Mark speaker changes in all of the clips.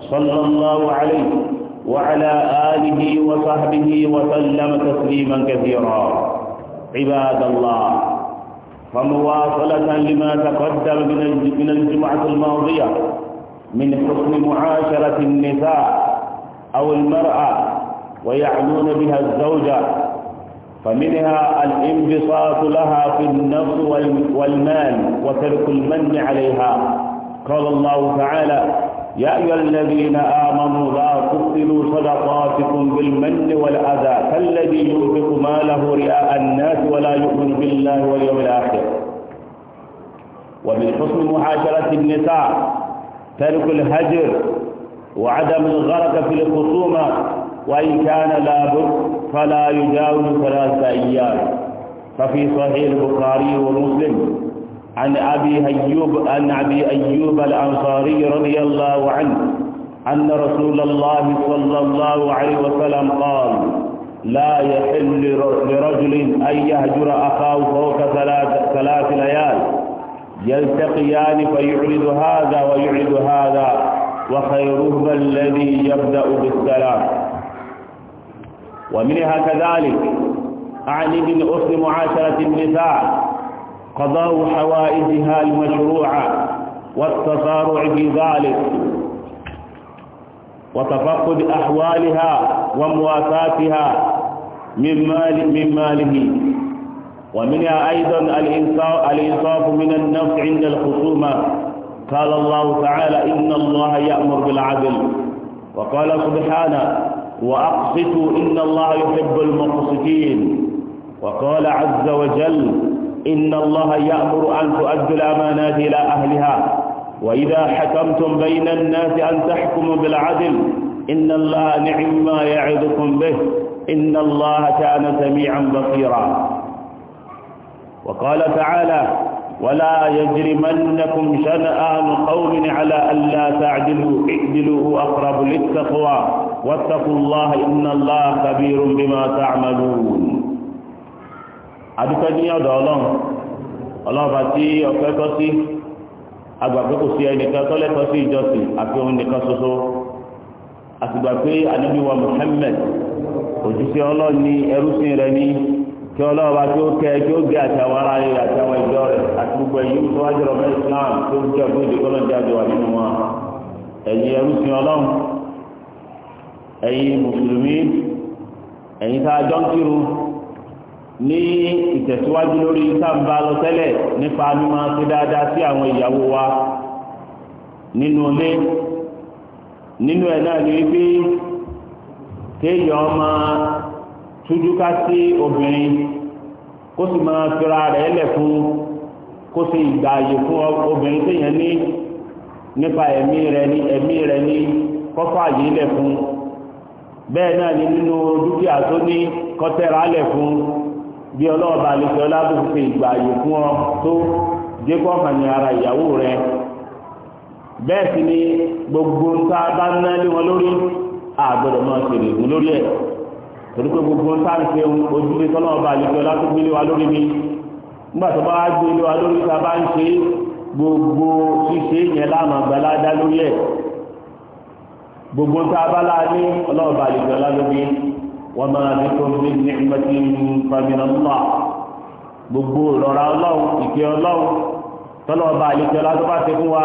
Speaker 1: صلى الله عليه وعلى آله وصحبه وسلم تسليما كثيرا عباد الله فمواصلة لما تقدم من الجمعة الماضية من حسن معاشرة النساء أو المرأة ويعنون بها الزوجة فمنها الانبساط لها في النفس والمال وترك المن عليها قال الله تعالى يا أيها الذين آمنوا لا تبطلوا صدقاتكم بالمن والأذى كالذي ينفق ماله رئاء الناس ولا يؤمن بالله واليوم الآخر ومن حسن محاشرة النساء ترك الهجر وعدم الغرق في الخصومة وإن كان لابد فلا يجاوز ثلاثة أيام ففي صحيح البخاري ومسلم عن أبي أيوب عن أبي أيوب الأنصاري رضي الله عنه أن رسول الله صلى الله عليه وسلم قال لا يحل لرجل أن يهجر أخاه فوق ثلاث, ثلاث ليال يلتقيان فيعرض هذا ويعرض هذا وخيرهما الذي يبدأ بالسلام ومنها كذلك عن ابن أصل معاشرة النساء قضاء حوائجها المشروعة والتصارع في ذلك وتفقد أحوالها ومواساتها من, مال من ماله ومنها أيضا الإنصاف من النفع عند الخصومة قال الله تعالى إن الله يأمر بالعدل وقال سبحانه وأقسطوا إن الله يحب المقسطين وقال عز وجل إن الله يأمر أن تؤدوا الأمانات إلى أهلها وإذا حكمتم بين الناس أن تحكموا بالعدل إن الله نعم ما يعظكم به إن الله كان سميعا بصيرا وقال تعالى ولا يجرمنكم شنآن قوم على ألا تعدلوا اعدلوا أقرب للتقوى واتقوا الله إن الله خبير بما تعملون adúpẹ́ ní ọ̀dọ̀ ọlọ́run ọlọ́run bá tí ọpẹ́ tọ́ sí agbàgbé kò sí ẹnìkan tọ́lẹ́tọ́ sí ìjọsìn àfi òun nìkan ṣoṣo àtìgbà pé Muhammad ọlọ́run ní ẹrúsìn rẹ̀ ní kí ọlọ́run bá tí ó kẹ́ kí ó gé ará ìjọ àti gbogbo ẹ̀yìn tó wájú ọmọ Islam tó ń jẹ́ a jọ ní ìtẹ̀síwájú lórí sáàmbá lọ tẹ́lẹ̀ nípa mímọ̀ ṣe dáadáa sí àwọn ìyàwó wa nínú ilé nínú ẹ̀ náà ni wípé kéèyàn máa tújúká sí obìnrin kó sì máa fira rẹ̀ lẹ̀ fún kó sì gbà àyè fún obìnrin téèyàn ní nípa ẹ̀mí rẹ̀ ní ẹ̀mí rẹ̀ ní kọ́fà yìí lẹ̀ fún bẹ́ẹ̀ náà ni nínú dúkìá tó ní kọ́tẹ́ra lẹ̀ fún bí ọlọ́ọ̀bá alẹ́kẹ́ ọlábùkún fi ìgbà ààyè fún ọ tó jẹ́kọ́ hàn ní ara ìyàwó rẹ bẹ́ẹ̀ sì ni gbogbo nta bá ń ná lé wọn lórí àgbọ̀dọ̀ máa ṣe lè gún lórí ẹ̀ torí pé gbogbo nta ń ṣe ojúlé tọ́lọ́ọ̀bá alẹ́kẹ́ ọlábùkún lé wa lórí mi nígbà tó bá wá gbé lé wa lórí ta bá ń ṣe gbogbo ṣíṣe yẹn lánàá gbàlá dá lórí ẹ̀ gbogbo nta bá láà ọlọ́ọ̀bá alẹ́kẹ́ ọlábùkún wama bikum min ni'matin famin Allah gbogbo ìrọ̀rà ọlọ́run ìkẹ́ ọlọ́run tọ́lọ́wọ́ bá àlejò ọlá tó bá ṣe fún wa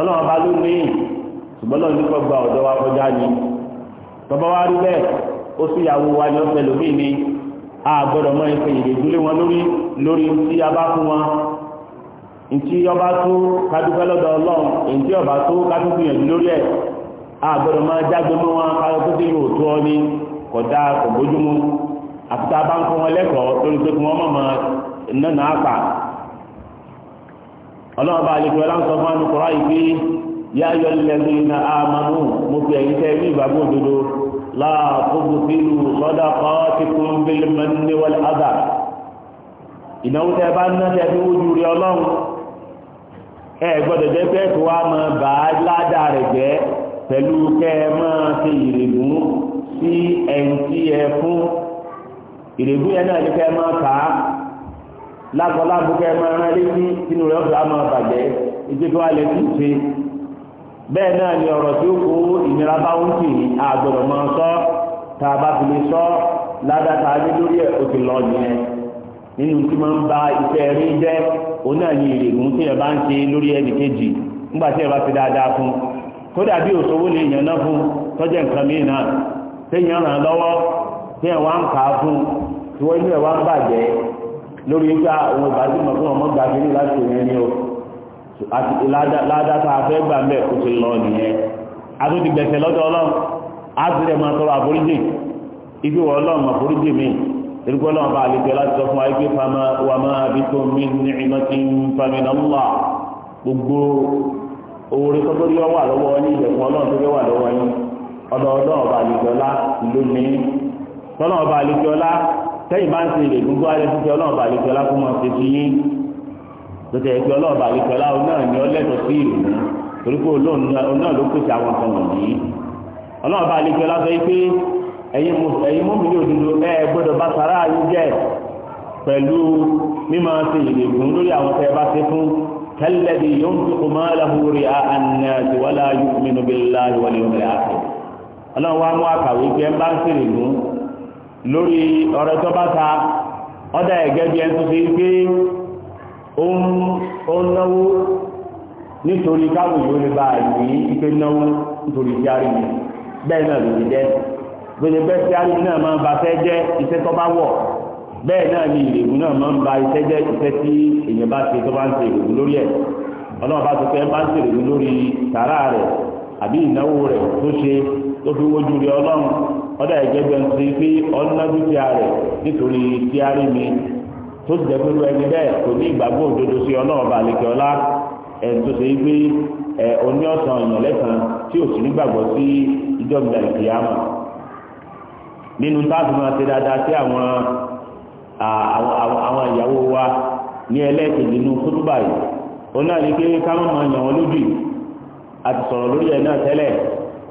Speaker 1: ọlọ́run bá ló ní ṣùgbọ́n lọ́run nípa gba ọ̀dọ́ wa kọjá ni tọ́ba wa rí bẹ́ẹ̀ ó sì yàwó wa ní ọ̀sẹ̀ lómi ni a gbọ́dọ̀ mọ ẹsẹ̀ ìdèjúlé wọn lórí lórí tí a bá fún wọn ntí ọba tó kadúpẹ́ lọ́dọ̀ ọlọ́run ntí ọba tó kadúgbìyànjú kọjá kò bójúmu àtúntà bá ń kọ́ wọn lẹ́kọ̀ọ́ lórí pé kí wọ́n mọ̀mọ́ nánà àpà ọlọ́run bá alẹ́ kí wọ́n láǹsọ̀ fún anukọ̀rọ̀ àyíké yá ayọ̀ lẹ́nu iná àmàlù mo fi ẹ̀yìn tẹ́ ní ìgbàgbọ́ òdodo láàkóso sílù lọ́dà kọ́ ti kún bílẹ̀ mẹ́ni wọlé ádà ìnáwó tẹ́ bá ná tẹ́ fi wójú rí ọlọ́run ẹ gbọ́dọ̀ jẹ́ pé kí wọ́n máa bàá ládàá rẹ̀ jẹ́ pẹ̀lú kẹ́ máa ṣe ìrègùn sí ẹni tí ẹ fún ìrègùn yẹn náà ní kẹ́ máa kà á lágọ̀lágọ̀ kẹ́ máa rán létí sínú rẹ̀ ọ̀gá máa bàjẹ́ ìjẹ́kọ̀ alẹ́ kì ṣe bẹ́ẹ̀ náà ni ọ̀rọ̀ tí ó kó ìnira bá ń tì í àgbọ̀dọ̀ máa sọ tá a bá fi lè sọ ládàtà ní lórí ẹ̀ ó ti lọ nìyẹn nínú tí máa ń ba iṣẹ́ rí jẹ́ òun náà ni ìrègùn tí ẹ bá ń ṣe lórí ẹnì kejì nígbà tí ẹ bá ti dáadáa fún kódà bí òṣòwò lè yànnà fún tọ́jẹ́ nǹkan mìíràn téèyàn ràn lọ́wọ́ téèyàn wá ń kà á fún tí wọ́n inú ẹ̀ ń bàjẹ́ lórí fún ah, ọmọ gàdí ní láti òun ẹni o àti mẹ́ ti lọ nìyẹn àtúntì gbẹ̀sẹ̀ lọ́dọ̀ ọlọ́run á ti rẹ̀ máa wà mi ní ọlọ́run tó lọ́wọ́ ọ̀dọ̀ ọ̀dọ̀ ọba àlejòọlá ló ní tọ́lọ́ ọba àlejòọlá sẹ́yìn bá ń ṣe ìlè gbogbo ayé fífi ọlọ́run ọba àlejòọlá kó mọ̀ ṣe fi yín tó tẹ̀ pé ọlọ́run ọba àlejòọlá náà ni ọlẹ́tọ̀ sí ìlú torí pé òun náà ló pèsè àwọn nǹkan wọ̀nyí ọlọ́run ọba àlejòọlá sọ pé ẹ̀yin mọ́mìlì òdodo ẹ gbọ́dọ̀ bá sàrà yín jẹ́ pẹ̀lú mímọ̀ ṣe ìlè ọlọ́run wá àkàwé mba ẹ bá ń lórí ọ̀rẹ́ tó bá ta ọ̀dà ẹ̀gẹ́ bí ẹni tó ṣe pé ó náwó nítorí káwọn yóò lè bá àìní ipe náwó nítorí tí a bẹ́ẹ̀ náà ló jẹ́ bẹ́ẹ̀ a náà máa ń ba fẹ́ jẹ́ iṣẹ́ tó bá wọ̀ bẹ́ẹ̀ náà ni ìrègùn náà máa ń ba iṣẹ́ jẹ́ tó fi wojú rí ọlọ́run ọ̀dà ìjẹ́gbẹ́ ń sọ pé ọ̀nà nítorí mi tó ti jẹ́ pé lu ẹni bẹ́ẹ̀ kò ní ìgbàgbọ́ òdodo sí ọlọ́run balẹ̀kẹ́ ọlá ẹ̀ tó ṣe pé ẹ̀ oní ọ̀sán lẹ́sàn tí ò sì sí ìjọba ìkìyàmù nínú táàbù máa ṣe dáadáa sí àwọn àwọn ìyàwó wa ní ẹlẹ́ẹ̀kejì kútúbà yìí ó náà ní pé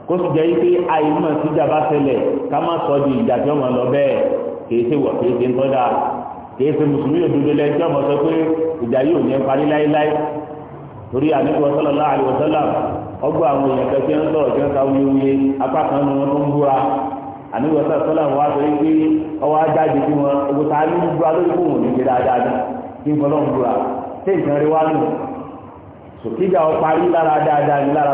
Speaker 1: kó sì jẹ́ pé àìmọ̀ síjà bá ṣẹlẹ̀ ká má sọ di ìjà tí wọ́n lọ bẹ́ẹ̀ kìí ṣe wọ̀ kìí ṣe ń tọ́jà kìí ṣe mùsùlùmí òdodo lẹ tí ọmọ sọ pé ìjà ní torí ọgbọ́ àwọn èèyàn ń sọ̀rọ̀ wọ́n ta wuyewuye apá kan sọ pé ọwọ́ wọn ta ní búra lórí kí n fọlọ́ ń búra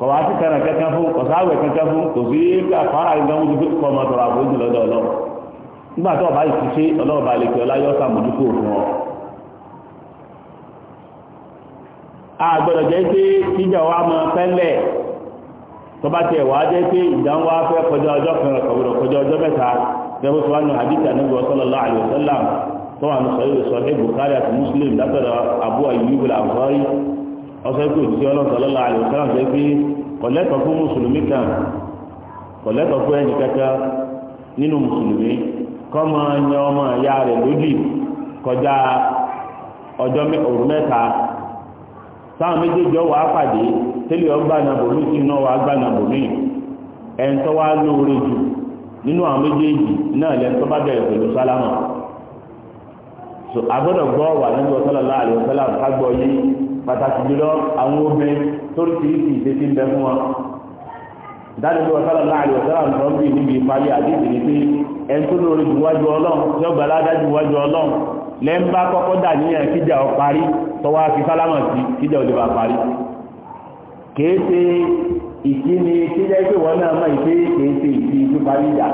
Speaker 1: kọ̀wá sí kẹrẹ̀ kẹ́kẹ́ fún kọ̀sáwẹ̀ kẹ́kẹ́ fún kò sí àkọ́rà ìdánwò tó kọ́ ọmọ tọrọ àbójú lọ́dọ̀ ọlọ́run nígbà tó ọba yìí ṣe ọlọ́ọ̀ba lè fi ọlá yọ sàmójúkò fún ọ. a gbọ́dọ̀ jẹ́ pé kíjà wa mọ pẹ́lẹ̀ tó bá tiẹ̀ wá jẹ́ pé ìdánwò wa fẹ́ kọjá ọjọ́ kan kọ̀wọ̀dọ̀ kọjá ọjọ́ mẹ́ta gẹ́gẹ́ tó wà nù hadith Ànábì sallallahu alaihi wasallam tó wà nù sọ̀rọ̀ sọ̀rọ̀ Bukhari àti Muslim látọ̀dọ̀ Abu Ayyub al-Ansari ọsọ ikú òtítọ́ ọlọ́sọ̀lọ́lá àlùsọ́lá sọ pé kọ̀lẹ́tọ̀ fún mùsùlùmí kan kọ̀lẹ́tọ̀ fún kẹta nínú mùsùlùmí kọ́ máa ọmọ ìyá rẹ̀ lódì kọjá ọjọ́ òru mẹ́ta táwọn méjèèjì ọwọ́ apàdé tẹ́lẹ̀ ọgbà nàbòmí iná wa gbà nàbòmí ẹ̀ńtọ́ wa lóore jù nínú àwọn méjèèjì náà lẹ́ńtọ́ bá bẹ̀rẹ̀ pẹ̀lú sálámà so agbọ́dọ̀ gbọ́ wà yìí pàtàkì jùlọ àwọn obìnrin tó rí tìrìtì ìṣesí ń bẹ fún wọn dánilú ọ̀sálà láàrin ọ̀sálà ń sọ́n bí níbi ìparí àdéhùn ní pé ẹni tó lórí ìwájú ọlọ́run tí ó gbàlá dájú ìwájú ọlọ́run lẹ́ńbà kọ́kọ́ dà níyàn kíjà ọ parí tọwọ́ fi sálámà sí kíjà ò lè bá parí kìí ṣe ìkíni kíjà ìpè wọn náà mọ̀ ìpè kìí ṣe ìkí píparí ìjà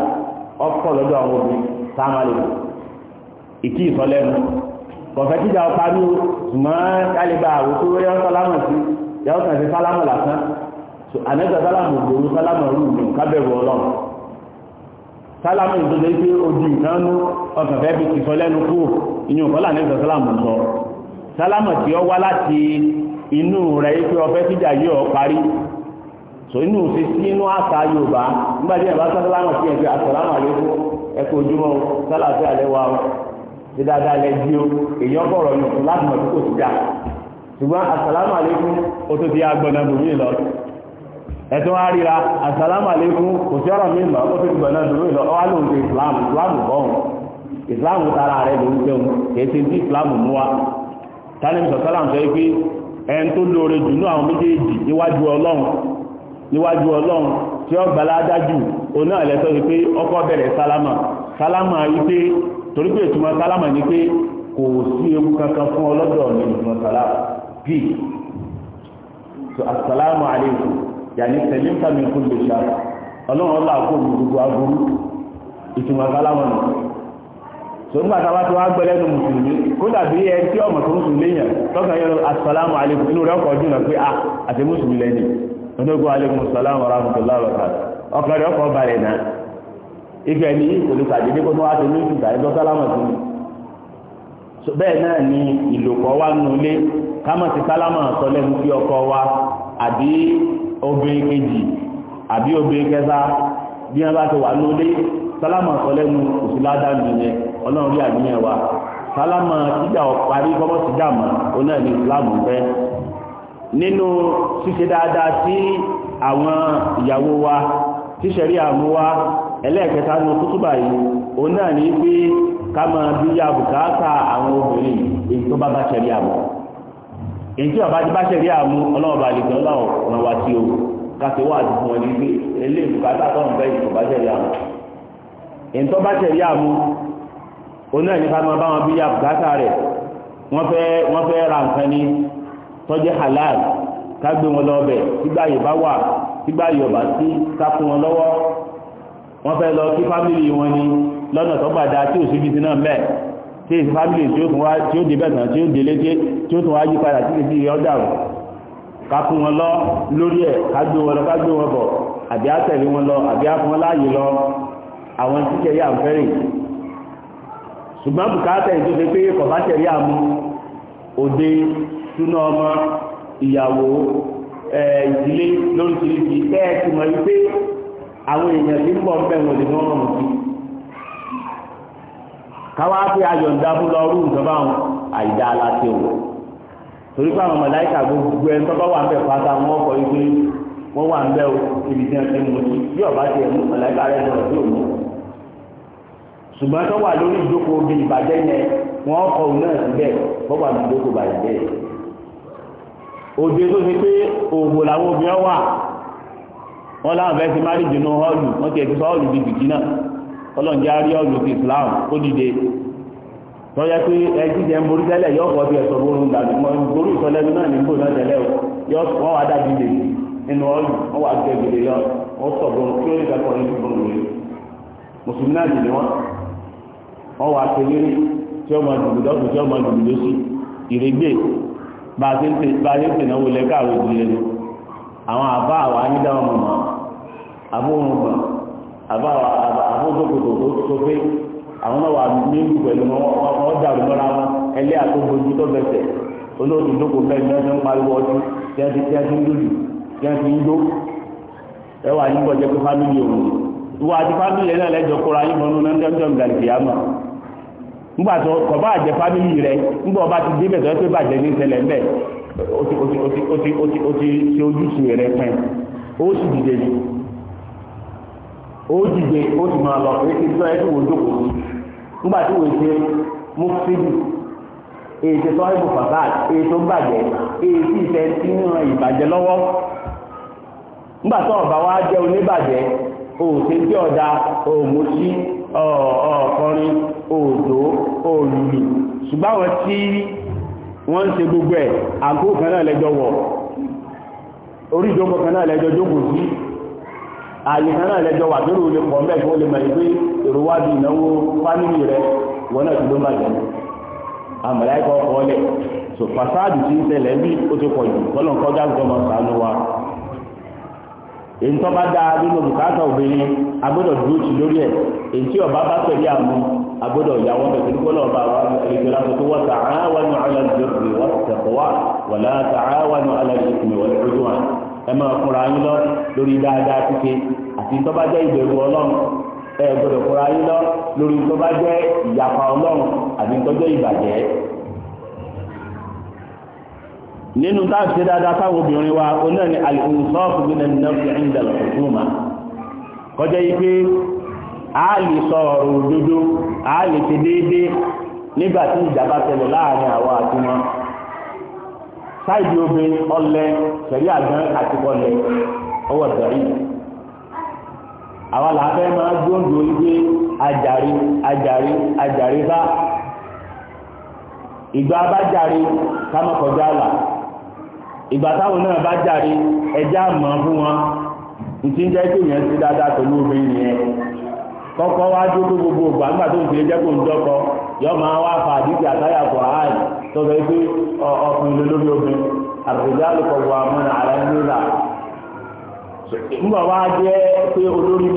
Speaker 1: ọkọ̀ lọ́dọ̀ àwọn obìnrin sáà má lè ìkí ìsọlẹ́nu kọ̀fẹ́ kíjà ọ parí ṣùgbọ́n kálíbà àwòtó yọ sálámà sí yọ sàn sí sálámà salamu la san so sálámà salamu ìlú kábẹ̀rù ọlọ́run sálámà ìdóde pé ojú nǹkan mú ọkàn fẹ́ fi ti sọ lẹ́nu kú ìyún kọ́lá ànẹ́gbà sálámà sọ sálámà tí ó wá láti inú rẹ̀ pé so inú sí sínú àṣà yorùbá nígbàdí ẹ̀bá sálámà sí ní dáadáa lẹ di o èèyàn bọ̀rọ̀ nù láti mọ̀ tí kò sí dà ṣùgbọ́n asàlámù àlékún ó tó di agbọ̀nà bòmí lọ ẹ̀tọ́ wá ríra asàlámù àlékún kò sí ọ̀rọ̀ mi mọ̀ ó tó di gbọ̀nà bòmí lọ ọwá lòun ti islam islam bọ̀hùn islam tara rẹ̀ lòun jẹun kìí ṣe bí islam mú wa tani sọ sálàm sọ pé ẹni tó lóore jù ní àwọn méjèèjì níwájú ọlọ́run níwájú ọlọ́run tí ó gbàlá dájú òun náà lẹ́tọ́ sí pé ọkọ̀ bẹ̀rẹ̀ salama, sálámà yìí pé torí pé ìtumọ̀ sálámà ni pé kò sí ewu kankan fún ọlọ́dọ̀ mi ìtumọ̀ sálámà bí so asalaamu aleykum yanni sẹlẹm sami kún lè ṣá ọlọ́run ọlọ́ àkó mi gbogbo aburú ìtumọ̀ sálámà nù so nígbà tá a bá tó wá gbẹlẹ́ nu mùsùlùmí kó dàbí ẹ tí ọmọ tó mùsùlùmí lọ asalaamu aleykum inú ọkọ̀ ọdún náà pé a ah, àti mùsùlùmí ìgbà ẹni yìí kò lè pàdé dé kó tó wá sí ní ìgbà ẹjọ́ sálámà sí mi bẹ́ẹ̀ náà ni ìlòpọ̀ wa nù lé kámọ̀ sí sálámà sọ lẹ́nu sí ọkọ wa àbí obìnrin kejì àbí obìnrin kẹta bí wọn bá ti wà nù lé sálámà sọ lẹ́nu òsì ládàlú yẹn ọlọ́run rí àníyàn wa sálámà síjà parí kọ́mọ́ síjà mọ́ oná ní ìsìlámù fẹ́ nínú ṣíṣe dáadáa sí àwọn ìyàwó wa tíṣẹ̀rí àmúwá ẹlẹ́ẹ̀kẹta ní kútúbà yìí òun náà ní pé ká máa bí yá bùkátà àwọn obìnrin èyí tó bá bá ṣẹlẹ̀ àmú èyí tí ọba ti bá ṣẹlẹ̀ àmú ọlọ́ọ̀bà lè gbọ́ láwọn ọ̀ràn wa tí o káṣí wà ti fún ọ ní pé ilé bùkátà tó ń bẹ́ ìtọ́ bá ṣẹlẹ̀ àmú èyí tó bá ṣẹlẹ̀ àmú òun náà ní ká máa bá wọn bí yá bùkátà rẹ̀ wọ́n fẹ́ wọ́n fẹ́ ra nǹkan ní tọ́jú halal ká gbé wọn lọ bẹ̀ tígbà yìí bá wọ́n fẹ́ lọ kí fámìlì wọn ni lọ́nà tó gbàdá tí ò síbi ti náà mẹ́ tí èsì fámìlì tí ó tún wá tí ó dé bẹ̀ tán tí ó délé tí ó tún wá yí padà títí sí ọjà rò ká fún wọn lọ lórí ẹ̀ ká gbé wọn lọ ká gbé wọn bọ̀ àbí á tẹ̀lé wọn lọ àbí á fún wọn láàyè lọ àwọn tíkẹ́ yà ń fẹ́rẹ̀ ṣùgbọ́n bùkátà ètò ṣe pé kọ̀ bá tẹ̀lé àmú òde túná ọmọ ìyàwó ìdílé lóríṣiríṣi bẹ́ẹ̀ ti mọ̀ wípé àwọn èèyàn tí ń bọ̀ bẹ́ẹ̀ wọ́n lè wọ́n rọrùn sí káwá pé ayọ̀ ń dábú lọ rú nǹkan báwọn àìdá aláṣẹ wò torí pé àwọn mọ̀láìkà gbogbo ẹni tó bá wà ń bẹ̀ pátá wọn kọ ipe wọn wà ń bẹ̀ o ibi tí wọn ti mú sí bí ọba ti ẹ̀ mú mọ̀láìkà rẹ̀ lọ́rọ̀ tí ò mú ṣùgbọ́n tó wà lórí ìjókòó bí ìbàjẹ́ yẹn wọ́n kọ òun náà síbẹ̀ bọ́bà mi ìjókòó bàjẹ́ òde tó ṣe pé òògùn làwọn obìnrin wà wọ́n láwọn fẹ́ ti máa rí jùlọ họ́ọ̀lù wọ́n ti di bìkí náà ọlọ́run jẹ́ Islam ó dìde tọ́jà pé ẹjí jẹ́ ń borí tẹ́lẹ̀ yọ ọ̀pọ̀ ti ẹ̀sọ̀ borun dàbí borí ìsọlẹ́nu náà wọ́n wá nínú wọ́n wá wọ́n kí ó lè mùsùlùmí náà wọ́n a ti àbúrúgbà àbáwà àbúrúgbòtò tó tó pé àwọn náà wà nílùú pẹ̀lú wọn dàrú mọ́ra wọn ẹlẹ́ àtúgbòjú tó bẹ̀sẹ̀ olóòtú bẹ́ẹ̀ ń pariwo tí a ti tí a ti ń lùlù tí a ti ń dó ẹ wà nígbà jẹ́ pé fámìlì òun ìwà àti fámìlì náà lẹ́jọ́ kóra yín ń rẹ ti ó dìde ó sì máa lọ pé kí n tọ́ ẹ tó nígbà tí wòye ṣe mú síbi èyí tó sọ́ọ́ ìbò fasad èyí tí ti ń ran ìbàjẹ́ lọ́wọ́ nígbà tó ọba wa jẹ́ oníbàjẹ́ tí ọ̀dà òmùsí ọ̀ọ̀kọrin gbogbo ẹ̀ àgó kan náà lẹ́jọ́ wọ̀ orí kan ààyè kan náà lẹ́jọ́ wà lórí olè pọ̀ mẹ́ẹ̀ kí wọ́n lè mọ̀ pé èrò wá a ìnáwó fámìlì rẹ̀ wọn náà ti ló máa jẹ́ àmàlà ẹ̀kọ́ ọkọ̀ ọlẹ̀ so ti ń tẹ̀lẹ̀ bí ó ti pọ̀ jù kọ́lọ̀ kọjá sànú wa èyí tó bá dáa nínú ọba bá àmú agbọ́dọ̀ kọ́lọ̀ ọba ẹ máa kúra lọ lórí dáadáa kíke àti tó bá jẹ́ ìbẹ̀rù ọlọ́run lọ lórí tó bá jẹ́ ìyapa ọlọ́run àti tó ìbàjẹ́ nínú táà ṣe dáadáa táwọn obìnrin wa bí a lè sọ ọ̀rọ̀ a lè ṣe déédéé nígbà tí láàrin àwọn sáìdì obe ọlẹ sẹ̀rí àgbọn àti ọlẹ ọwọ́ sẹ̀rí àwọn làbẹ́ máa gbóǹdò wípé ajàre ajàre ajàre bá ìgbà bá jàre kámọ́kọ̀já àlà ìgbà táwọn náà bá jàre ẹjá mọ̀ fún wọn ìtí ń jẹ́ kí èèyàn ti dáadáa pẹ̀lú obìnrin yẹn kọ́kọ́ wá dúró gbogbo ògbà nígbà tó fa tọ́jọ́ ibi ọkùnrin lé lórí obìnrin àrùjá lè kọ̀ wà mọ́nà àrà nílà nígbà wá olórí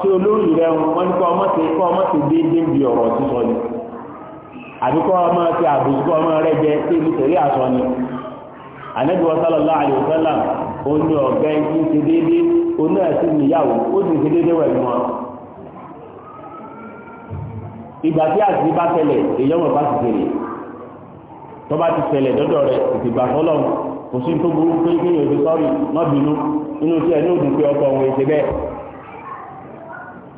Speaker 1: tí olórí rẹ̀ wọn kọ ọmọ ti kọ́ ọmọ ti déédé bí ọ̀rọ̀ sísọ ni àbí ọmọ ti àbùsù ọmọ rẹ̀ jẹ́ ni sallallahu ṣe oní níyàwó ó sì ṣe ìgbà tí àti bá èyí ọmọ bá ti tọ́ba ti ṣẹlẹ̀ dọ́dọ̀ rẹ̀ ìtìgbà fọlọ́ kò sí tó burú pé kí yóò fi sọ́ọ̀rì náà bínú inú tí ẹni òdùn pé ọkọ̀ òun èsè bẹ́ẹ̀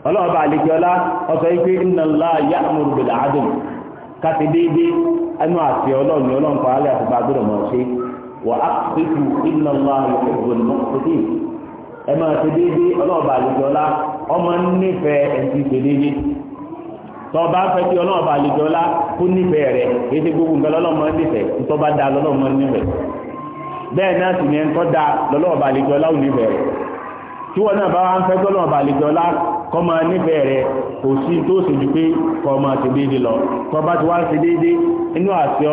Speaker 1: ọlọ́ọ̀bà àlejòọlá ọ̀sọ̀ yìí pé ìnàlá yá àmúrùbẹ̀lẹ̀ àádùn káti déédéé ẹnu àti ọlọ́ọ̀ni ọlọ́ọ̀nkọ̀ alẹ́ àtìgbà gbọ́dọ̀ mọ̀ ṣe wà á pẹ̀tù ìnàlá ìgbòlùmọ́kùtì ẹ máa ṣe déédéé ọlọ́ọ̀bà àlejòọlá ọmọ nífẹ̀ẹ́ ẹ̀ tọba afẹ́kí ọlọ́ọ̀bà àlejò ọlá kó nífẹ̀ẹ́ ètò gbogbo nǹkan lọ́lọ́mọ nífẹ̀ẹ́ ntọ́ba da lọ́lọ́mọ nífẹ̀ẹ́ bẹ́ẹ̀ náà sì ni ẹ̀ńtọ́ da lọ́lọ́ọ̀bà àlejò ò nífẹ̀ẹ́ rẹ̀ tí wọ́n náà bá ń ju pé máa ti déédé lọ kọ́ ti wá ń déédé inú náà pé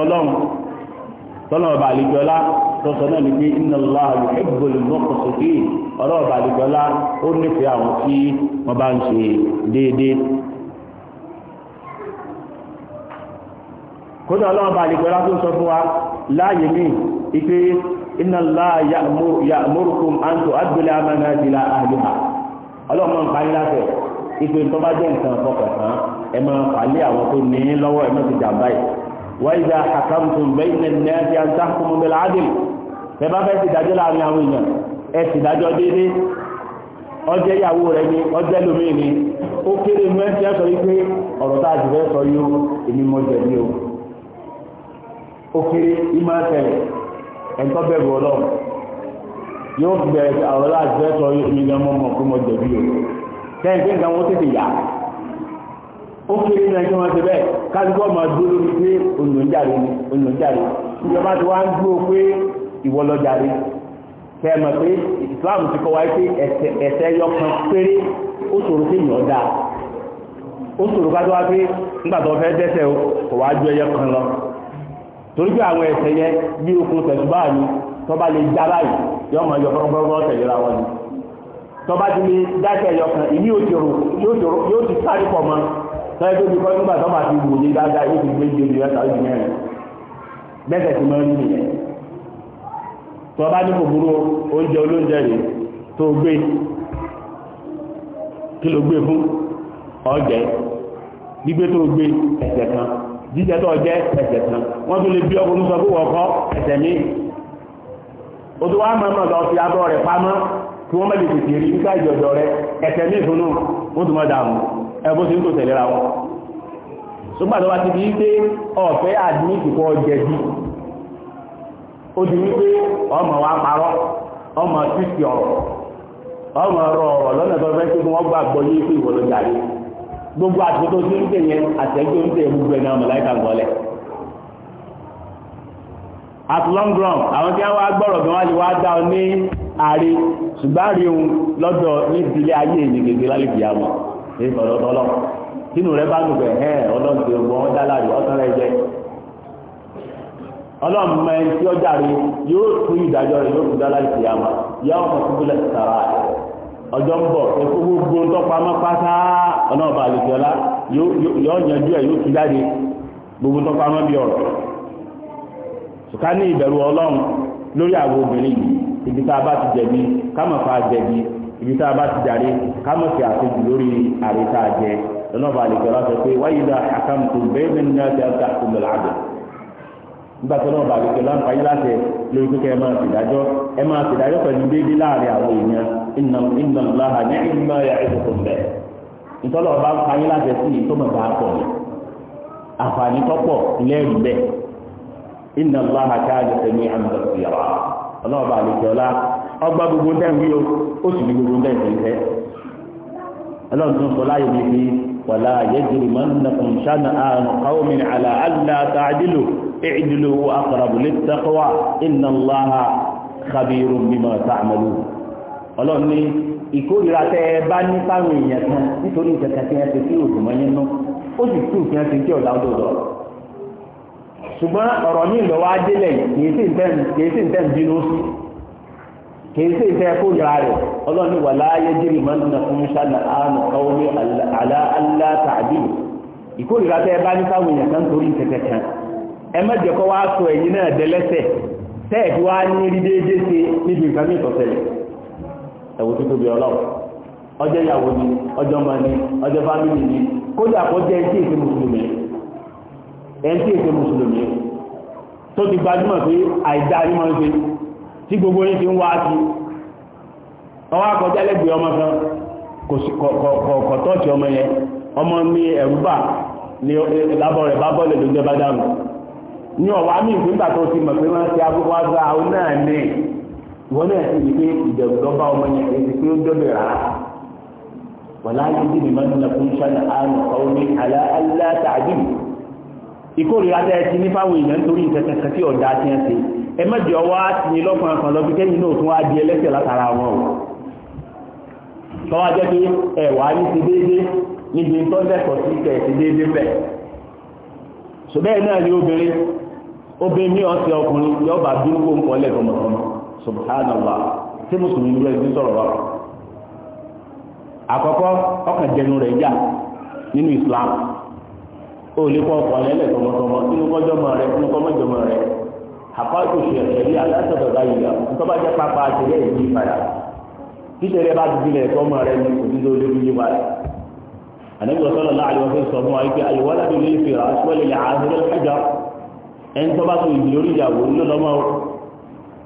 Speaker 1: iná sókè kódà ọlọ́run bá àlejò lápò sọ fún wa láàyè mí ipe inna Allah ya'murukum an tu'addul amanati ila ahliha ọlọ́run máa ń parí láfẹ̀ ipe tó bá jẹ́ nǹkan fọkàn tán ẹ máa falẹ̀ àwọn tó ní lọ́wọ́ ẹ má ti jàmbá yìí wa idha hakamtum bayna an-nasi an tahkumu ti dájọ́ ọjẹ́ ìyàwó rẹ̀ ni ọjẹ́ lómi ni ó kéré mẹ́sì ẹ̀sọ́ wípé ọ̀rọ̀ tá a jù fẹ́ sọ yìí èmi mọ̀ jẹ̀bi o ó kéré ìmọ̀ ẹ̀tẹ̀lẹ̀ ẹ̀ńtọ́ bẹ̀rù ọlọ́run yóò bẹ̀rẹ̀ àwọn aláàjẹ́ sọ mi gan mọ́ mọ́ fún mọ́ jẹ̀bi o kẹ́yìn pé nǹkan wọn tètè yá ó kéré ní ẹjọ́ wọn ti bẹ́ẹ̀ kálukọ́ máa dúró lórí pé olùjàre ni olùjàre ìjọba ti wá ń dúró pé ìwọ lọ jàre kẹ́ẹ̀mọ̀ pé Islam ti kọ́ wáyé pé ẹ̀sẹ̀ yọkan péré ó ṣòro pé yàn dáa ó ṣòro ká pé nígbà tó fẹ́ dẹ́sẹ̀ o kò wá ju ẹyẹ kan lọ torí pé àwọn ẹsẹ̀ yẹn bí okun tẹ̀síbá ni tọ́ba lè já báyìí yọ máa yọ bọ́rọ́bọ́rọ́ tẹ̀lé ra wọn ni tọ́ba ti lè dákẹ́ ẹ̀yọ kan ìní yóò ti sáré pọ̀ mọ́ tó ti kọ́ nígbà tọ́ba ti wò ní dáadáa yóò ti gbé ju ìrìn ẹ̀ta ojú mẹ́rin bẹ́ẹ̀ ti máa ń nìyẹn tọ́ba ní kò burú oúnjẹ olóúnjẹ rè tó gbé kí ló gbé fún gbígbé tó gbé ẹ̀sẹ̀ kan jíjẹ tó jẹ́ ẹ̀ṣẹ̀ kan wọ́n tún lè bí ọkùnrin sọ fún ọkọ ẹ̀ṣẹ̀ mi o tó wá mọ̀mọ́ lọ fi abọ́ rẹ̀ pamọ́ kí wọ́n mẹ́lẹ̀ tètè rí nígbà ìjọ̀dọ̀ rẹ̀ ẹ̀ṣẹ̀ mi ìfúnnú wọ́n tún mọ́ dààmú ẹ̀bùn tí ń tò tẹ̀lé ra wọn ṣùgbọ́n àtọ́wà ti di wípé ọ̀fẹ́ àdínìtì kọ́ jẹ̀bi ó di wípé ọmọ wa parọ́ ọmọ títì ọ̀rọ̀ ọmọ ọ̀rọ̀ ọ̀rọ̀ lọ́nà tó fẹ́ kí gbogbo àtúntò tó ń tẹ̀yẹ àtẹ̀jọ́ ń tẹ̀yẹ gbogbo ẹ̀ náà mọ̀láìkà gbọ́lẹ̀ at long run àwọn tí wọ́n gbọ́rọ̀ bí wọ́n lè wá dá ọ ní ààrẹ ṣùgbọ́n ààrẹ òun lọ́dọ̀ ní ìdílé ayé ìnìgbègbè lálẹ́ ìyá wọn ní ọ̀dọ̀ tọ́lọ́ tínú rẹ bá dùn bẹ̀ ẹ́ ọlọ́dún ọgbọ́n dálárì ọ̀sán rẹ jẹ ọlọ́mọ ẹni tí ọjà rẹ yóò tún ìdájọ́ rẹ yóò tún dálárì ìyá wọn yóò mọ̀ fún bílẹ̀ sàrà rẹ ọjọ́ ń bọ̀ ẹ̀kọ́ gbogbo ń tọ́pa mọ́ pátá ọ̀nà ọba àlùfẹ́lá yóò yanjú ẹ̀ yóò tú jáde gbogbo ń tọ́pa mọ́ bí ọ̀rọ̀ ṣùkà ní ìbẹ̀rù ọlọ́run lórí àwọn obìnrin yìí ibi tá a bá ti jẹ̀bi kámọ̀ fa jẹ̀bi ibi tá a bá ti jàre kámọ̀ fi àṣejù lórí àrè tá a jẹ ọ̀nà ọba àlùfẹ́lá sọ pé wáyé dá àkàǹtò bẹ́ẹ̀ gbàtí náà bàbá ìpè láǹfààní láti lórí pé kẹ ẹ máa ṣèdájọ́ ẹ máa ṣèdájọ́ pẹ̀lú déédéé láàrin àwọn èèyàn iná iná láha ní iná ya ìfòkò mbẹ ntọ́lọ̀ ọba ayé láti ẹ̀sìn yìí tó mọ̀ bá pọ̀ ní àǹfààní tọ́pọ̀ lẹ́rù bẹ́ẹ̀ iná láha káàdì sẹ́mi àǹdọ̀sì yàrá ọlọ́ọ̀bà àlejò ọlá ọgbà gbogbo ntẹ́ wí o ó sì ní gbogbo ntẹ́ ìfẹ́ ọlọ́run tó ń sọ láyé mi fi wàlá yẹ́dìrì máa ń nàkùn ṣáná àrùn káwọn mi àlà àlà tàdílò ìdílò àkàràbùlẹ̀ tẹ́kọ̀wá iná láha kàbírùn bímọ tààmàlú ọlọ́run ní ìkórìíra tẹ́ ẹ bá ní sáwọn èèyàn kan nítorí ìjẹta tí wọ́n ti sí òògùn mọ́ yín nú ó sì tún fi hàn sí tí ọ̀la ọdọ̀ lọ. ṣùgbọ́n ọ̀rọ̀ ní ìlọ́wọ́ adélẹ̀ kìí sì ń tẹ́ ń bínú sí kìí sì ń tẹ́ kórìíra rẹ̀ ọlọ́run wà láàyè jírí mọ́nà fún ṣáná àánú káwọ́lé àlá tàbí ìkórìíra tẹ́ ẹ bá ní sáwọn èèyàn kan torí ìjẹta kan ẹ mẹ́jọ kọ́ wá sọ ẹ̀yìn náà dẹ́lẹ́sẹ̀ tẹ́ẹ̀ fi wá ní rí déédéé ṣe níbi nǹkan ní ìtọ̀sẹ̀lẹ̀ ẹ̀wù tó tóbi ọlọ́run ọjọ́ ìyàwó ni ọjọ́ ọmọ ni ọjọ́ fámìlì ni kódà kó jẹ́ ẹntì èsè mùsùlùmí ẹntì èsè mùsùlùmí tó ti gbajúmọ̀ pé àìdá ní máa ń ṣe tí gbogbo yìí ti ń wá sí ọwọ́ akọjá lẹ́gbẹ̀ẹ́ ọmọ kan kò tọ́ọ̀tì ọmọ yẹn ọmọ mi ẹ̀rú bà lábọ̀ rẹ̀ bá bọ́ọ̀lẹ̀ ló jẹ́ bá dànù ní ọ̀wá mi ìgbéǹgbà tó ti mọ̀ pé wọ́n ti agbóhùn wá wọn náà ti di pé ìdẹ̀rù lọ́ba ọmọ yẹn èyí pé ó dọ́bẹ̀ rárá wàlá yìí ti nìmọ̀ nínú fún ṣáná àánú ọ̀rẹ́ àlá àlá tààdì ìkórìíra tẹ́ ẹ ti ní fáwọn èèyàn nítorí nǹkan kan tí ọ̀dà ti ń ṣe ẹ mẹ́jọ wá ti ní lọ́kùnrin kan lọ́bí kẹ́yìn náà tún wá di ẹlẹ́sẹ̀ látara wọn o tọ́wọ́ jẹ́ pé ẹ̀wà ní ti déédé níbi tó ń dẹ́kọ̀ọ́ sí kẹ̀ ti déédé bẹ̀ ṣùgbẹ́ náà ni obìnrin obìnrin ní ọ̀sẹ̀ ọkùnrin yọba bí wọ́n kọ́ lẹ̀ tọmọtọmọ subhanallah tí mùsùlùmí rẹ̀ ní sọ̀rọ̀ rọ̀ àkọ́kọ́ ọkàn jẹnu rẹ̀ yà nínú islam ó lè kọ́ ọkọ̀ lẹ́lẹ̀ tọmọtọmọ nínú kọjọmọ rẹ̀ nínú kọmọjọmọ rẹ̀ àkọ́kọ́ ìṣẹ̀lẹ̀ yà látọ̀dọ̀ báyìí yà tó bá jẹ́ pápá àtẹ̀lẹ́ ìdí padà títẹ̀rẹ̀ bá ti dilẹ̀ tọmọ rẹ̀ ní òdídó lórí yí padà ànábì ọ̀sọ́lọ̀ láàrin ọ̀fẹ́ sọ fún àìkẹ́ àyíwọ́lá bí lè fèrè àṣọ́lẹ̀ àhàzẹ́rẹ́ ẹ̀jọ́ ẹni tó bá tó ìdí lórí ìyàwó ńlọ́lọ́mọ́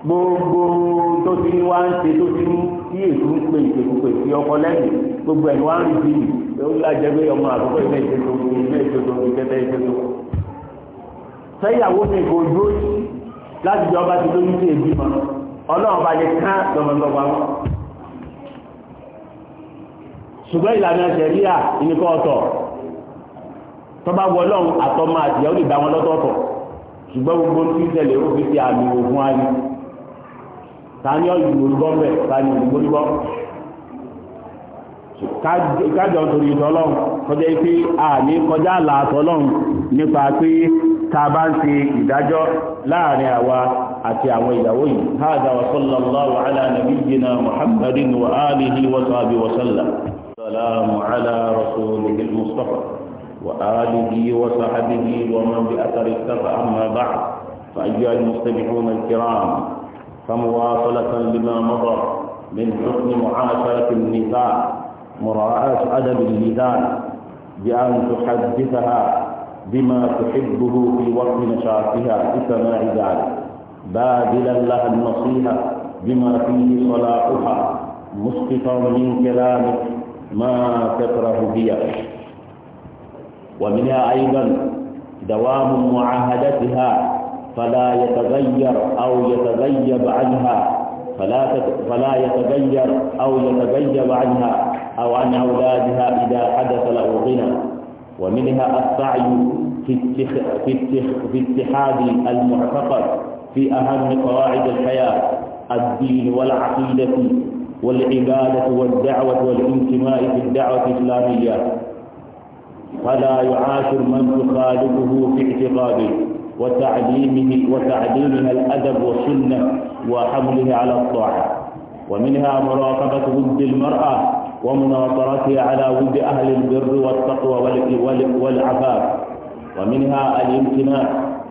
Speaker 1: gbogbo tó ti wá ń ṣe tó ti tí èkó ń pè sí ọkọ lẹ́yìn gbogbo ẹ̀ wá ń bí ó lájẹ pé ọmọ sẹ́yàwó ni kò dúró láti jọ ti sí èbí mọ́ ọlọ́run bá lè ká lọ́mọdọ́gba wọn. ṣùgbọ́n ìlànà ṣẹ̀ríà ìníkọ́ ọ̀tọ̀ tọ́ba wọ ọlọ́run tani ọ̀yìn olùgbọ́ bẹ̀ tani olùgbọ́ gbọ́ kájọ torí ìtọ́lọ́run kọjá pé a ní kọjá àlà àtọ́lọ́run nípa pé ta bá ń ṣe ìdájọ́ láàrin àwa àti àwọn ìyàwó yìí hádà wa sallallahu ala nabiyyina muhammadin wa alihi wa sahbihi wa sallam salamu ala rasulihi mustafa wa alihi wa sahbihi wa man bi athari istafa amma ba'd fa ayyuha al kiram فمواصلة لما مضى من حسن معاشرة النساء مراعاة أدب اللسان بأن تحدثها بما تحبه في وقت نشاطها بسماع ذلك بادلا لها النصيحة بما فيه صلاحها مسقطا من كلامك ما تكره هي ومنها أيضا دوام معاهدتها فلا يتغير أو يتغيب عنها فلا فلا يتغير أو يتغيب عنها أو عن أولادها إذا حدث له غنى ومنها السعي في اتخ... في, اتخ... في اتحاد المعتقد في أهم قواعد الحياة الدين والعقيدة والعبادة والدعوة والانتماء في الدعوة الإسلامية فلا يعاشر من تخالفه في اعتقاده وتعليمه وتعليمها الأدب والسنة وحملها على الطاعة ومنها مراقبة ود المرأة ومناظرتها على ود أهل البر والتقوى والعفاف ومنها الامتناع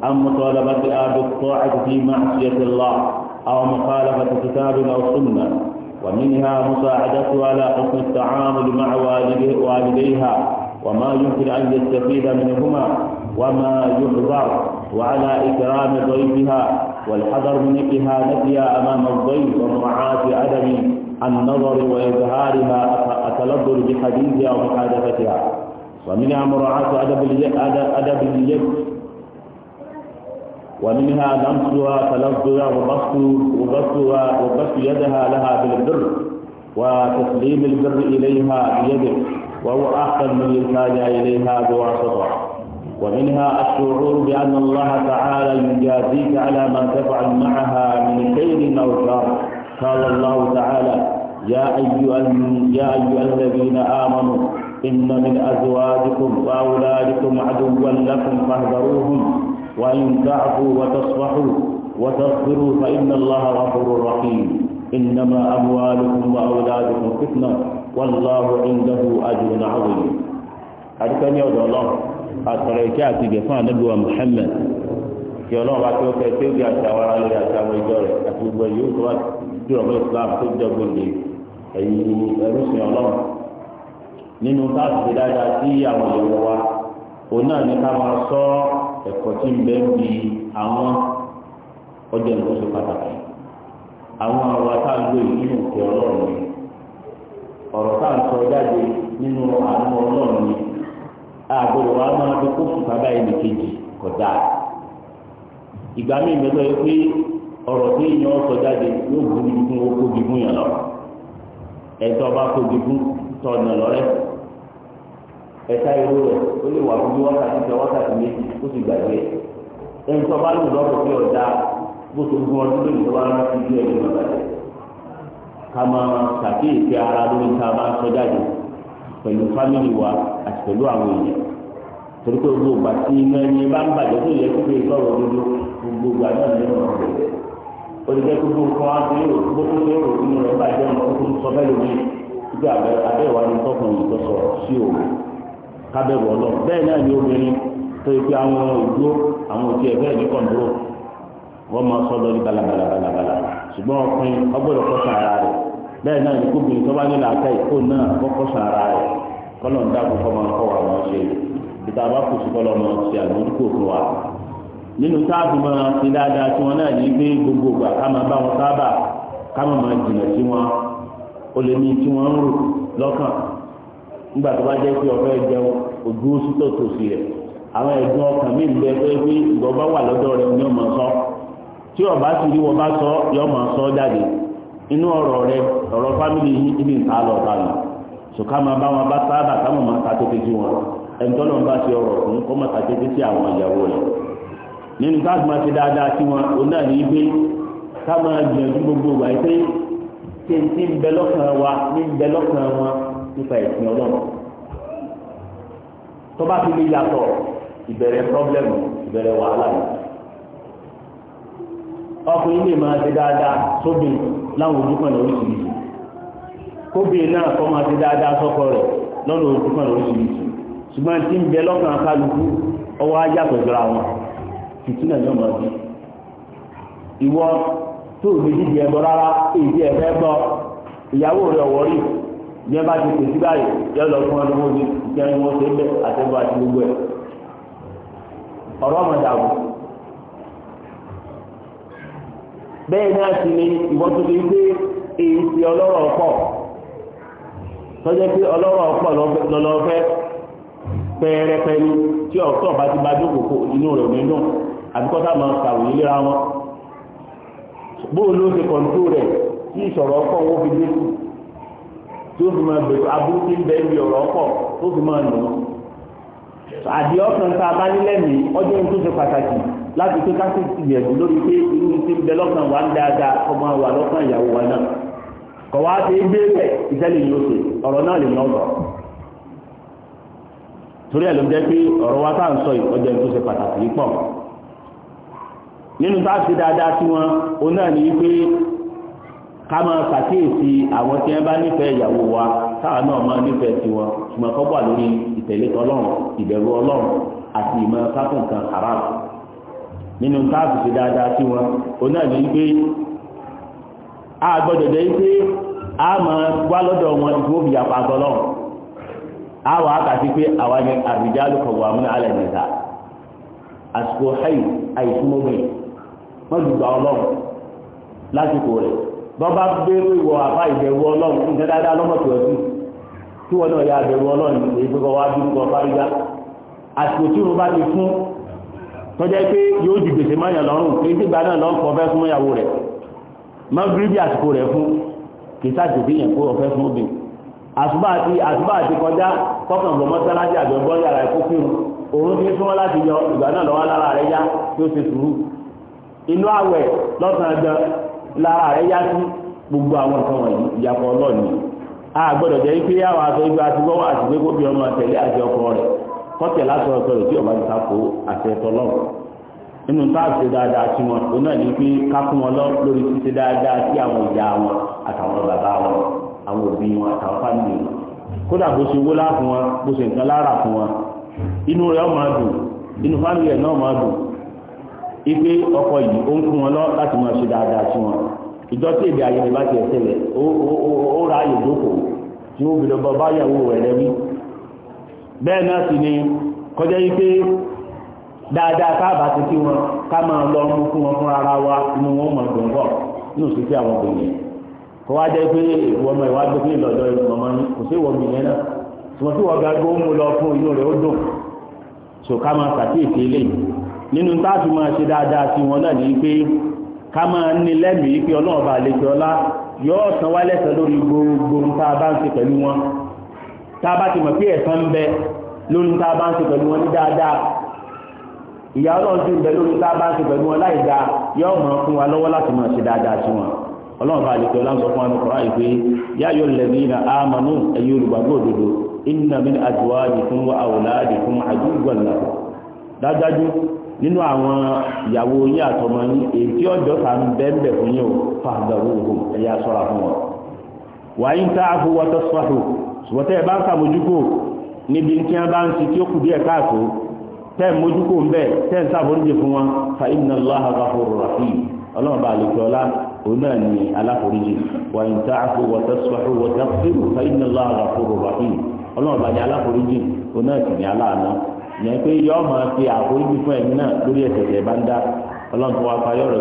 Speaker 1: عن مطالبتها بالطاعة في معصية الله أو مخالفة كتاب أو سنة ومنها مساعدتها على حسن التعامل مع والديها وما يمكن أن يستفيد منهما وما يحذر وعلى إكرام ضيفها والحذر من إهانتها أمام الضيف ومراعاة عدم النظر وإظهارها التلذذ بحديثها ومحادثتها ومنها مراعاة أدب اليد أدب اليد ومنها لمسها تلذذها وبسط وبسطها وبسط يدها لها بالبر وتسليم البر إليها بيده وهو أحسن من الحاجة إليها بواسطة ومنها الشعور بأن الله تعالى يجازيك على ما تفعل معها من خير أو شر قال الله تعالى يا أيها يا أيها الذين آمنوا إن من أزواجكم وأولادكم عدوا لكم فاحذروهم وإن تعفوا وتصفحوا وتصبروا فإن الله غفور رحيم إنما أموالكم وأولادكم فتنة والله عنده أجر عظيم adúpẹ́ ní ọ̀dọ̀ ọlọ́run àtọ̀rọ̀ ìkẹ́ àti fún ànábìwá Muhammad kí ọlọ́run bá tó kẹ́ tí ó di àtàwọn ará lórí àtàwọn ìjọ rẹ̀ àti gbogbo ẹ̀yìn ó tó wá sí ọ̀bẹ Islam tó jẹ́ gbòǹde ẹ̀yìn ẹrúsìn ọlọ́run nínú káàkiri dáadáa sí àwọn ìyẹ̀wò wa òun náà ní ká máa sọ ẹ̀kọ́ tí ń bẹ ń bi àwọn ọjọ́ ìlú pàtàkì àwọn àwọn àtàlù ìlú òkè ọlọ́run ni ọ̀rọ̀ táà ń sọ jáde nínú àwọn ọlọ́run ni àgbọ̀dọ̀ wa máa fi kófù bàbá ẹnì kejì kọjá ìgbà míì mẹ́tọ́ yẹ pé ọ̀rọ̀ tí èèyàn sọ jáde yóò burú ju fún owó kóbi fún yàn lọ ẹ̀tọ́ ọba kóbi fún tọ̀nà lọ́rẹ́ ẹ̀ta irú rẹ̀ ó lè wà fún bí wákàtí tẹ wákàtí méjì ó sì gbàgbé ẹ̀tọ́ ọba lò lọ́kọ̀ pé ọ̀dà bó tó gún ọdún lónìí tó bá rántí bí ẹ̀rọ ìgbàgbé ká máa ṣàkíyèsí ara lórí tá a sọ jáde pẹ̀lú fámìlì wa àti pẹ̀lú àwọn èèyàn torí pé gbogbo ìgbà tí iná ẹni bá ń bàjẹ́ tó yẹ kó fi sọ̀rọ̀ gbogbo náà ní ọ̀rọ̀ rẹ̀ ó ti jẹ́ kó gbogbo nǹkan á ti rò bó tó ṣe rò nínú rẹ̀ bàjẹ́ ọ̀nà tó ń sọ bẹ́ẹ̀ lómi ibi abẹ́ ìwà ni tọkùnrin tó sọ sí bẹ́ẹ̀ ni obìnrin tó yẹ àwọn ni kọlọ ń dáàbò fọ́ máa kọ́ wa wọ́n ṣe ìta bá kù sí kọ́lọ̀ máa ṣe àmójútó fún wa. nínú sáàbù máa ti dáadáa tí wọn náà ní gbé gbogbo ìgbà ká máa bá wọn sábà ká máa máa jìnà sí wọn ó lè ní tí wọn ń rò lọ́kàn nígbà tó bá pé jẹun ojú sọ tí ọba sì rí sọ yọ máa sọ jáde inú fámìlì ibi ìta sùkà máa bá wọn bá sábà káwọn máa ta tètè sí wọn ẹnitọ́nà bá ṣe ọ̀rọ̀ fún kọ́ máa ta tètè sí àwọn ìyàwó rẹ̀ nínú káàdì máa ṣe dáadáa sí wọn òun náà ní gbogbo pé ti ń bẹ lọ́kàn wa ní ń bẹ lọ́kàn wọn nípa ìsìn ọlọ́run tó bá wàhálà ni ọkùnrin lè máa ṣe dáadáa sóbì láwọn ojú kan kóbìnrin náà kọ́ máa ti dáadáa sọ́kọ rẹ̀ lọ́nà ojú kan lórí ìlú ṣùgbọ́n tí ń bẹ lọ́kàn kálukú ọwọ́ ajá pẹ̀lúra wọn fìtínà ní ọmọ bí ìwọ tó ní dídì ẹbọ rárá èdè ẹfẹ gbọ ìyàwó rẹ wọrí ìyẹn bá ti pèsè báyìí yọ lọ fún ọdún wọn ní ìkẹrin wọn ṣe ń bẹ àtẹgbọ àti gbogbo ẹ ọ̀rọ̀ ọmọ dàrú bẹ́ẹ̀ náà sì ni ìwọ tó ti gbé èyí ti ọlọ́rọ̀ pọ̀ tọ́jẹ́ pé ọlọ́rọ̀ ọ̀pọ̀ lọ́lọ́fẹ́ pẹ́ẹ́rẹ́pẹ́ ni tí ọ̀tọ̀ bá ti bá jókòó inú rẹ̀ mẹ́dùn àbíkọ́tà máa kàwé léra wọn bóò ló ṣe kọ̀ǹtó rẹ̀ tí ìṣọ̀rọ̀ ọkọ̀ wọ́n fi dé kù tí ó fi máa bẹ̀rù aburú tí ń bẹ ibi ọ̀rọ̀ ọkọ̀ tó fi máa nù ú. àdì ọkàn tá a bá nílẹ̀ mi ọjọ́ ohun tó ṣe pàtàkì láti pé ká sì ti yẹ̀dù lórí pé irú ti ń bẹ lọ́kàn wa ń dáadáa ọmọ wa lọ́kàn ìyàwó wa náà. kọ̀wá ti gbé bẹ̀ ìtẹ́lẹ̀ yóò ọ̀rọ̀ náà lè ní torí ẹ̀ ló jẹ́ pé ọ̀rọ̀ wa tá ń sọ ìkọjẹ́ pọ̀ nínú tá a ṣe dáadáa sí wọn òun náà ní ká máa àwọn tí bá nífẹ̀ẹ́ ìyàwó wa táwọn náà máa nífẹ̀ẹ́ sí wọn ṣùgbọ́n kọ́ wà lórí ìtẹ̀lé ọlọ́run ìbẹ̀rù ọlọ́run àti ìmọ̀ nínú dáadáa sí wọn a gbọ́dọ̀ jẹ́ pé a máa wá lọ́dọ̀ wọn tí ó fi yàpá gọlọ́ a wà á kàtí pé àwa ni àbíjálù kọ̀wọ̀ àmúna alẹ́ nìta àsìkò hayi àìsúmọ́mì wọ́n ti gba ọlọ́run lásìkò rẹ̀ bọ́bá bẹ́rù ìwọ àbá ìbẹ̀wò ọlọ́run ní dáadáa lọ́mọ̀tò ọtún tí wọ́n náà ya àbẹ̀wò ọlọ́run èyí pé kọ́ wá bí kọ́ fárígá àsìkò tí wọ́n bá ti fún tọ́jẹ́ pé yóò ju gbèsè máyà lọ́rùn kí n ti gba náà lọ́ mọ́gírídì àsìkò rẹ̀ fún kìsà jòdì yẹn kó ọ̀fẹ́ fún obì àsùbá àti àsùbá àti kọjá kọ́kàn lọ mọ́sálásí àjọgbọ́n yàrá ẹ̀kọ́ fún òun ti súnmọ́ láti yọ ìgbà náà lọ́wọ́ lára rẹ̀ yá tí ó ti sùúrù inú àwẹ̀ lọ́sàn-án gan lára rẹ̀ yá sí gbogbo àwọn nǹkan wọ̀nyí ìyàpọ̀ ọlọ́ọ̀ni a gbọ́dọ̀ jẹ́ pé àwọn aṣọ ìgbà àti gbọ́wọ́ àti gbégbó bí ọmọ tẹ̀lé àti ọkọ rẹ̀ kọ́tẹ̀ lásọ̀rọ̀ sọ̀rọ̀ tí ọba ti ta kó àṣẹ tọlọ́run nínú táàsì dáadáa tí wọn òun náà ní pé kákún wọn lọ lórí ṣíṣe dáadáa sí àwọn ìyá wọn àtàwọn bàbá wọn àwọn òbí wọn àtàwọn fámìlì wọn kódà bó ṣe wó láàfún wọn bó ṣe nǹkan lára fún wọn inú rẹ̀ ọmọ dùn inú fámìlì rẹ̀ náà máa dùn ipe ọkọ yìí ó ń kún wọn lọ láti máa ṣe dáadáa sí wọn ìjọ tí èdè ayẹyẹ bá ti ẹsẹlẹ ó ra ààyè dókòó tí ó bìrọ bọ báyàwó rẹ̀ rẹ̀ wí bẹ́ẹ̀ náà sì ni kọjá yìí pé dáadáa káàbà kí wọn ká máa lọ mú fún wọn fún ara wa inú wọn mọ̀ bọ̀ ní òsì sí àwọn obìnrin kó wá jẹ́ pé ìwọ ọmọ ìwà gbé ni lọ fún inú rẹ̀ ó dùn ká máa ṣàkíyèsí eléyìí nínú máa ṣe dáadáa sí wọn náà ní pé ká máa ní lẹ́mìí pé ọlọ́run bá yóò san wá wọn tá a bá ti mọ̀ pé ìyá ọlọ́run ti ń bẹ tá a bá ń ṣe pẹ̀lú wọn láì dáa yóò mọ̀ fún wa lọ́wọ́ láti máa ṣe dáadáa sí wọn ọlọ́run bá àlejò ọlọ́run sọ fún wọn kọ́ra ìpè na amanu ẹ̀yin olùgbàgbọ́ òdodo inna min azwajikum wa awladikum àdúgbòn náà dájájú nínú fún tẹ́ ń mójú kó ń bẹ́ẹ̀ tẹ́ ń sábòójì fún wọn fa inna allah ghafurur rahim ọlọ́run bá àlejò ọlá òun ni aláforíjì wa in ta'fu wa tasfahu wa taghfiru fa inna Allaha ghafurur rahim ọlọ́run bá ní aláforíjì òun náà sì ní aláàánú yẹn pé yọ máa fi àforíjì fún ẹ̀mí náà lórí ẹ̀ṣẹ̀ tẹ̀ bá ń dá ọlọ́run tó wá fa pẹ̀lú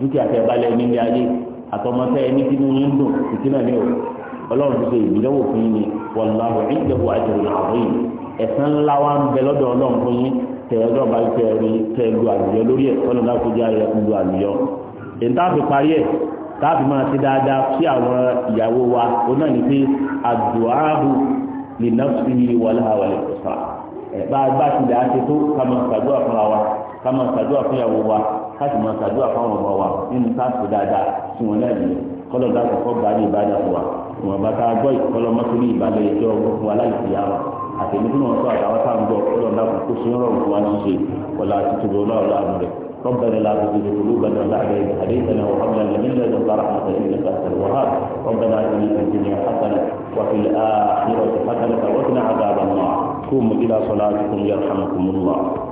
Speaker 1: dúkìá tẹ̀ balẹ̀ nílé ayé àtọmọ́tẹ́ ẹni tí mo ń dùn ọlọ́run ṣe ìdílọ́wọ́ fún yín ni wallahu indahu ajrun azim ẹ̀san ńlá wa ń bẹ lọ́dọ̀ ọlọ́run fún yín tẹ̀ẹ́dọ́ bá tẹ ẹ̀rí tẹ lu àlùyọ lórí ẹ̀ ọlọ́run náà kó jẹ́ ayẹ lu àlùyọ. èyí tá a fi parí ẹ̀ tá a fi máa ti dáadáa sí àwọn ìyàwó wa ó náà ní pé àdùáhù lè náà fi ní wàhálà wà lè kọ̀sà ẹ̀ bá bá ti dàá ṣe tó ká máa ṣàdúrà fúnra wa ká máa ṣàdúrà fún ìyàwó wa ká sì máa ṣàdúrà fún àwọn ọmọ wa nínú tá fi dáadáa sí wọn náà nìyẹn kọ́lọ̀ bá kọ́kọ́ gbà ní ìbàdàn fún wa wọn bá ká gbọ́ ìkọlọ́ mọ́tòlì ìbàdàn ẹjọ́ ọgbọ́n fún wa láìsí ara àtẹ̀mí tó náà sọ àtàwọn tá à ń gbọ́ kọ́lọ̀ bá kọ́kọ́ sí rọrùn fún wa ní ṣe kọ́lá tuntun lọ́wọ́ láàmú rẹ̀ ربنا لا تزغ قلوبنا بعد إذ هديتنا وهب لنا من لدنك رحمة إنك أنت الوهاب ربنا آتنا في الدنيا حسنة وفي الآخرة حسنة وقنا عذاب النار قوموا إلى صلاتكم
Speaker 2: يرحمكم الله